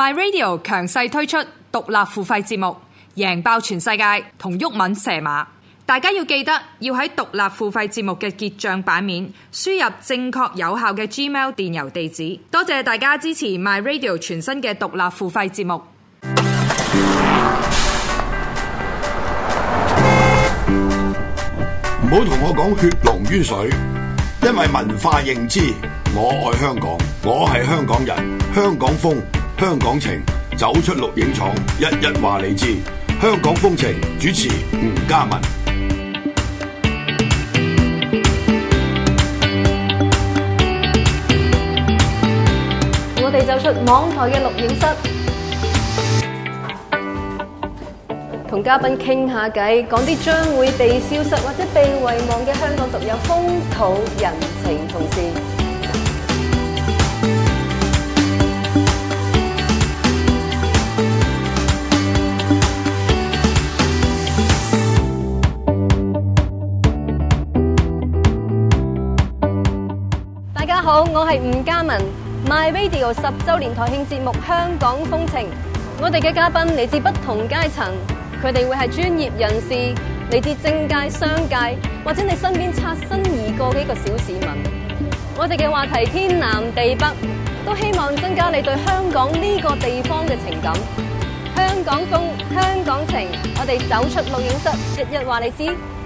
My Radio 強勢推出獨立付費節目，贏爆全世界同毓民蛇馬。大家要記得要喺獨立付費節目嘅結帳版面輸入正確有效嘅 Gmail 電郵地址。多謝大家支持 My Radio 全新嘅獨立付費節目。唔好同我講血濃於水，因為文化認知，我愛香港，我係香港人，香港風，香港情，走出錄影廠，一一話你知。香港風情，主持吳家文。我哋走出網台嘅錄影室，同嘉賓傾下偈，講啲將會被消失或者被遺忘嘅香港獨有風土人情同事。好，我係吳嘉文，My Radio 十周年台慶節目《香港風情》。我哋嘅嘉賓嚟自不同階層，佢哋會係專業人士，嚟自政界、商界，或者你身邊擦身而過嘅一個小市民。我哋嘅話題天南地北，都希望增加你對香港呢個地方嘅情感。香港風，香港情，我哋走出錄影室，日日話你知。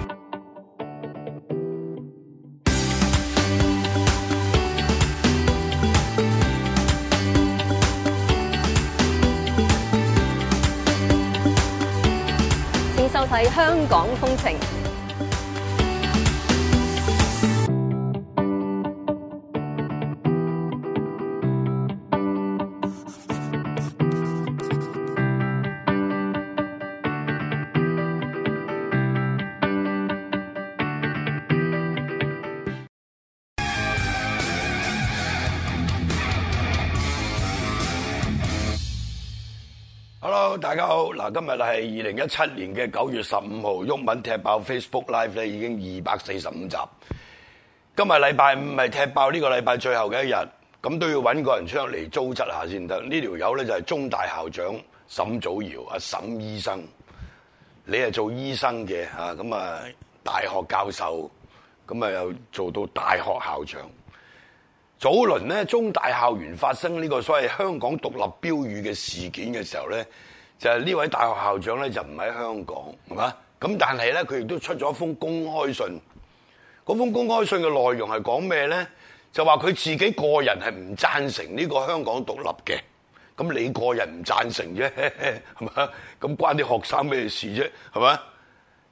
香港風情。大家好，嗱，今日係二零一七年嘅九月十五號，毓民踢爆 Facebook Live 咧，已經二百四十五集。今日禮拜五係踢爆呢個禮拜最後嘅一日，咁都要揾個人出嚟租質下先得。呢條友咧就係中大校長沈祖堯，啊，沈醫生，你係做醫生嘅吓，咁啊大學教授，咁啊又做到大學校長。早輪咧，中大校園發生呢個所謂香港獨立標語嘅事件嘅時候咧。就係呢位大學校長咧，就唔喺香港，係嘛？咁但係咧，佢亦都出咗一封公開信。嗰封公開信嘅內容係講咩咧？就話佢自己個人係唔贊成呢個香港獨立嘅。咁你個人唔贊成啫，係嘛？咁關啲學生咩事啫，係嘛？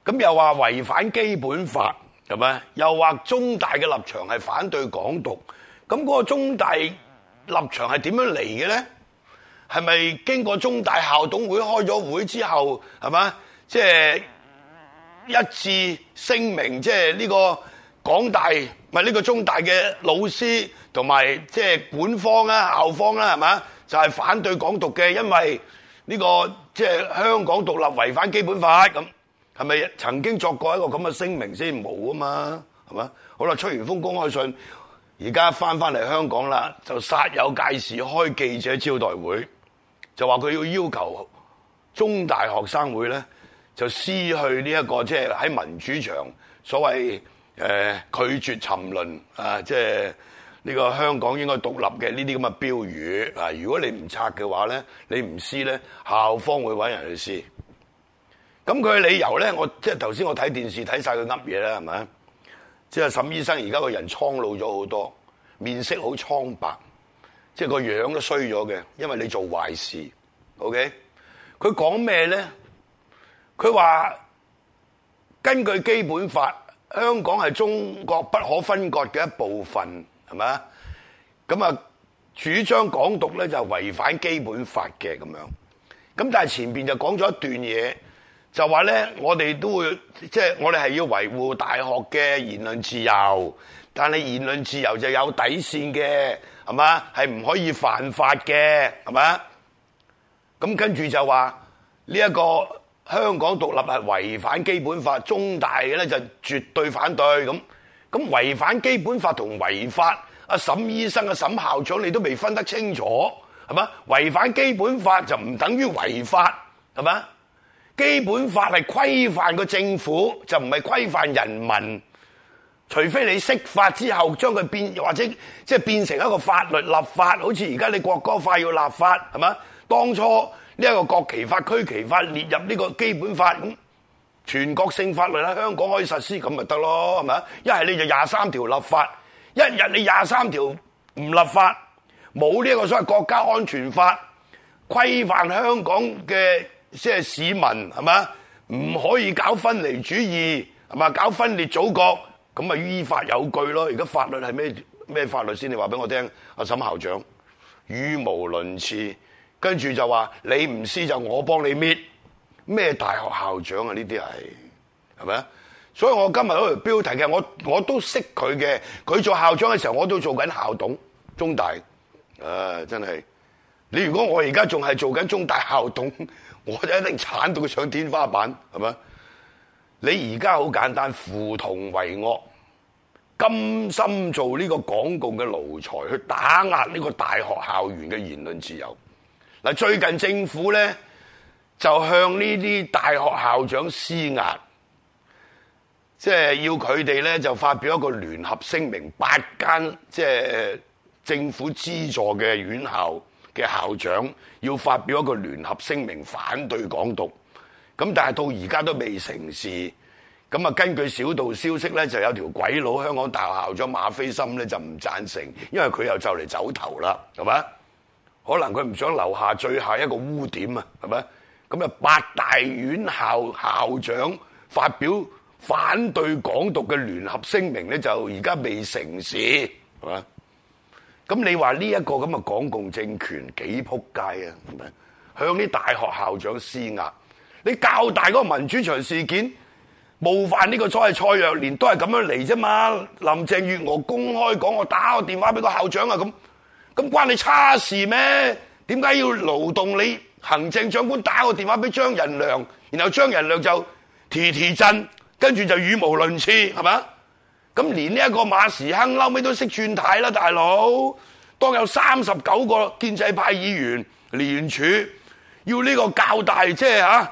咁又話違反基本法，係嘛？又話中大嘅立場係反對港獨。咁嗰個中大立場係點樣嚟嘅咧？係咪經過中大校董會開咗會之後，係嘛？即係一致聲明，即係呢個港大唔係呢個中大嘅老師同埋即係管方啦、校方啦，係嘛？就係反對港獨嘅，因為呢個即係香港獨立違反基本法咁。係咪曾經作過一個咁嘅聲明先冇啊嘛？係嘛？好啦，出完封公開信，而家翻翻嚟香港啦，就煞有介事開記者招待會。就話佢要要求中大學生會咧，就撕去呢、這、一個即係喺民主牆所謂誒、呃、拒絕沉淪啊！即係呢個香港應該獨立嘅呢啲咁嘅標語啊！如果你唔拆嘅話咧，你唔撕咧，校方會搵人去撕。咁佢嘅理由咧，我即係頭先我睇電視睇晒佢噏嘢啦，係咪啊？即係沈醫生而家個人蒼老咗好多，面色好蒼白。即係個樣都衰咗嘅，因為你做壞事。OK，佢講咩咧？佢話根據基本法，香港係中國不可分割嘅一部分，係咪啊？咁啊，主張港獨咧就係、是、違反基本法嘅咁樣。咁但係前邊就講咗一段嘢，就話咧我哋都會即係、就是、我哋係要維護大學嘅言論自由。但係言論自由就有底線嘅，係嘛？係唔可以犯法嘅，係嘛？咁跟住就話呢一個香港獨立係違反基本法，中大嘅咧就絕對反對咁。咁違反基本法同違法，阿沈醫生啊、沈校長，你都未分得清楚，係嘛？違反基本法就唔等於違法，係嘛？基本法係規範個政府，就唔係規範人民。除非你釋法之後將佢變，或者即係變成一個法律立法，好似而家你國歌快要立法，係嘛？當初呢一個國旗法、區旗法列入呢個基本法咁，全國性法律喺香港可以實施咁咪得咯？係咪？一係你就廿三條立法，一日你廿三條唔立法，冇呢一個所謂國家安全法規範香港嘅即係市民，係嘛？唔可以搞分離主義係嘛？搞分裂祖國。咁咪依法有據咯！而家法律係咩咩法律先？你話俾我聽，阿沈校長語無倫次，跟住就話你唔試就我幫你搣咩大學校長啊？呢啲係係咪啊？所以我今日嗰條標題嘅，我我都識佢嘅，佢做校長嘅時候，我都做緊校董，中大啊，真係！你如果我而家仲係做緊中大校董，我就一定鏟到佢上天花板，係咪啊？你而家好簡單，扶同為惡，甘心做呢個港共嘅奴才，去打壓呢個大學校園嘅言論自由。嗱，最近政府咧就向呢啲大學校長施壓，即係要佢哋咧就發表一個聯合聲明，八間即係政府資助嘅院校嘅校長要發表一個聯合聲明反對港獨。咁但係到而家都未成事，咁啊根據小道消息咧，就有條鬼佬香港大學校長馬斐森咧就唔贊成，因為佢又就嚟走頭啦，係咪？可能佢唔想留下最後一個污點啊，係咪？咁啊，八大院校校長發表反對港獨嘅聯合聲明咧，就而家未成事，係咪？咁你話呢一個咁啊港共政權幾撲街啊？係咪？向啲大學校長施壓。你教大嗰個民主牆事件冒犯呢個所謂蔡若蓮都係咁樣嚟啫嘛。林鄭月娥公開講，我打個電話俾個校長啊，咁咁關你差事咩？點解要勞動你行政長官打個電話俾張仁良，然後張仁良就提提震，跟住就語無倫次，係嘛？咁連呢一個馬時亨嬲尾都識轉軚啦，大佬，當有三十九個建制派議員聯署，要呢個教大，即係啊！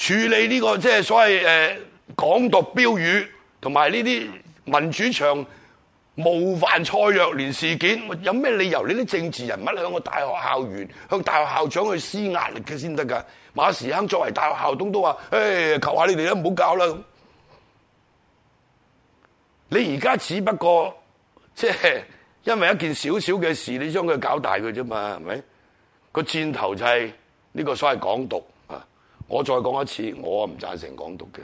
處理呢、這個即係所謂誒、呃、港獨標語同埋呢啲民主牆冒犯蔡若蓮事件，有咩理由？你啲政治人物向個大學校園、向大學校長去施壓力嘅先得㗎？馬時亨作為大學校董都話，誒求下你哋都唔好搞啦。你而家只不過即係因為一件小小嘅事，你將佢搞大佢啫嘛，係咪？個箭頭就係呢個所謂港獨。我再講一次，我唔贊成港獨嘅，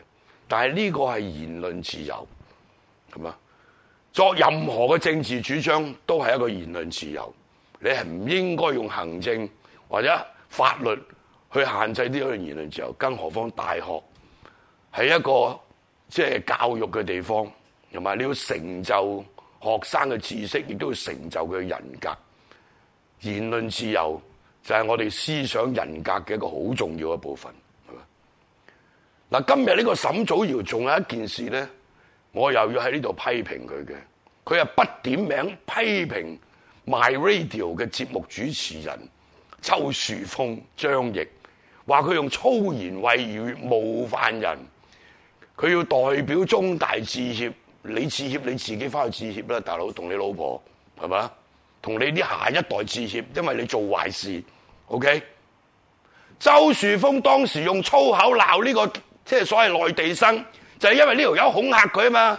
但係呢個係言論自由，係嘛？作任何嘅政治主張都係一個言論自由，你係唔應該用行政或者法律去限制呢個言論自由，更何況大學係一個即係教育嘅地方，同埋你要成就學生嘅知識，亦都要成就佢嘅人格。言論自由就係我哋思想人格嘅一個好重要嘅部分。嗱，今日呢個沈祖堯仲有一件事咧，我又要喺呢度批評佢嘅。佢係不點名批評 MyRadio 嘅節目主持人周樹峰、張毅，話佢用粗言穢語冒犯人。佢要代表中大致歉，你致歉你自己翻去致歉啦，大佬，同你老婆係嘛，同你啲下一代致歉，因為你做壞事。OK？周樹峰當時用粗口鬧呢個。即係所謂內地生，就係、是、因為呢條友恐嚇佢啊嘛，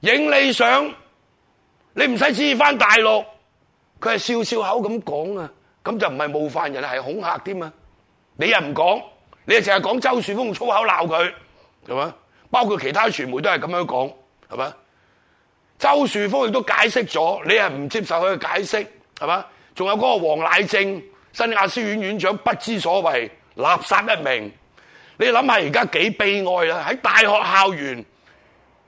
影你相，你唔使指意翻大陸，佢係笑笑口咁講啊，咁就唔係冒犯人，係恐嚇添啊！你又唔講，你又淨係講周樹峰粗口鬧佢，係嘛？包括其他傳媒都係咁樣講，係嘛？周樹峰亦都解釋咗，你係唔接受佢嘅解釋，係嘛？仲有嗰個黃乃正，新亞書院院長不知所謂，垃圾一名。你諗下而家幾悲哀啦！喺大學校園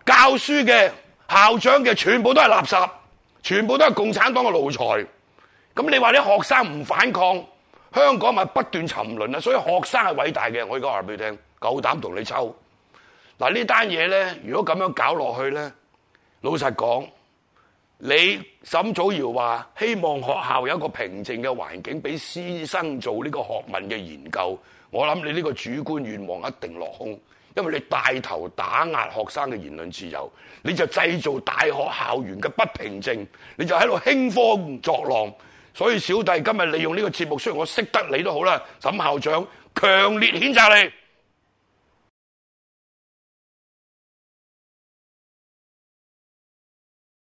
教書嘅校長嘅，全部都係垃圾，全部都係共產黨嘅奴才。咁你話啲學生唔反抗，香港咪不斷沉淪啊！所以學生係偉大嘅，我而家話俾你聽，夠膽同你抽。嗱，呢單嘢呢，如果咁樣搞落去呢，老實講，你沈祖堯話希望學校有一個平靜嘅環境，俾師生做呢個學問嘅研究。我諗你呢個主觀願望一定落空，因為你帶頭打壓學生嘅言論自由，你就製造大學校園嘅不平靜，你就喺度興風作浪。所以小弟今日利用呢個節目，雖然我識得你都好啦，沈校長，強烈譴責你。